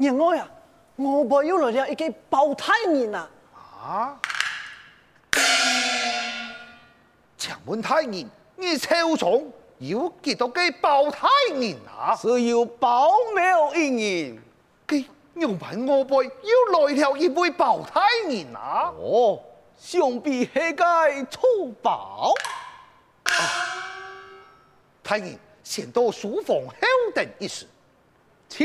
娘哀啊！我輩又來了一個包大人啊！啊！請問大人，你超重，要幾多個包大人啊？是要爆鳥人？給娘們我輩又來了一位包大人啊！哦，想必係個粗寶啊。大人先到書房候等一時，請。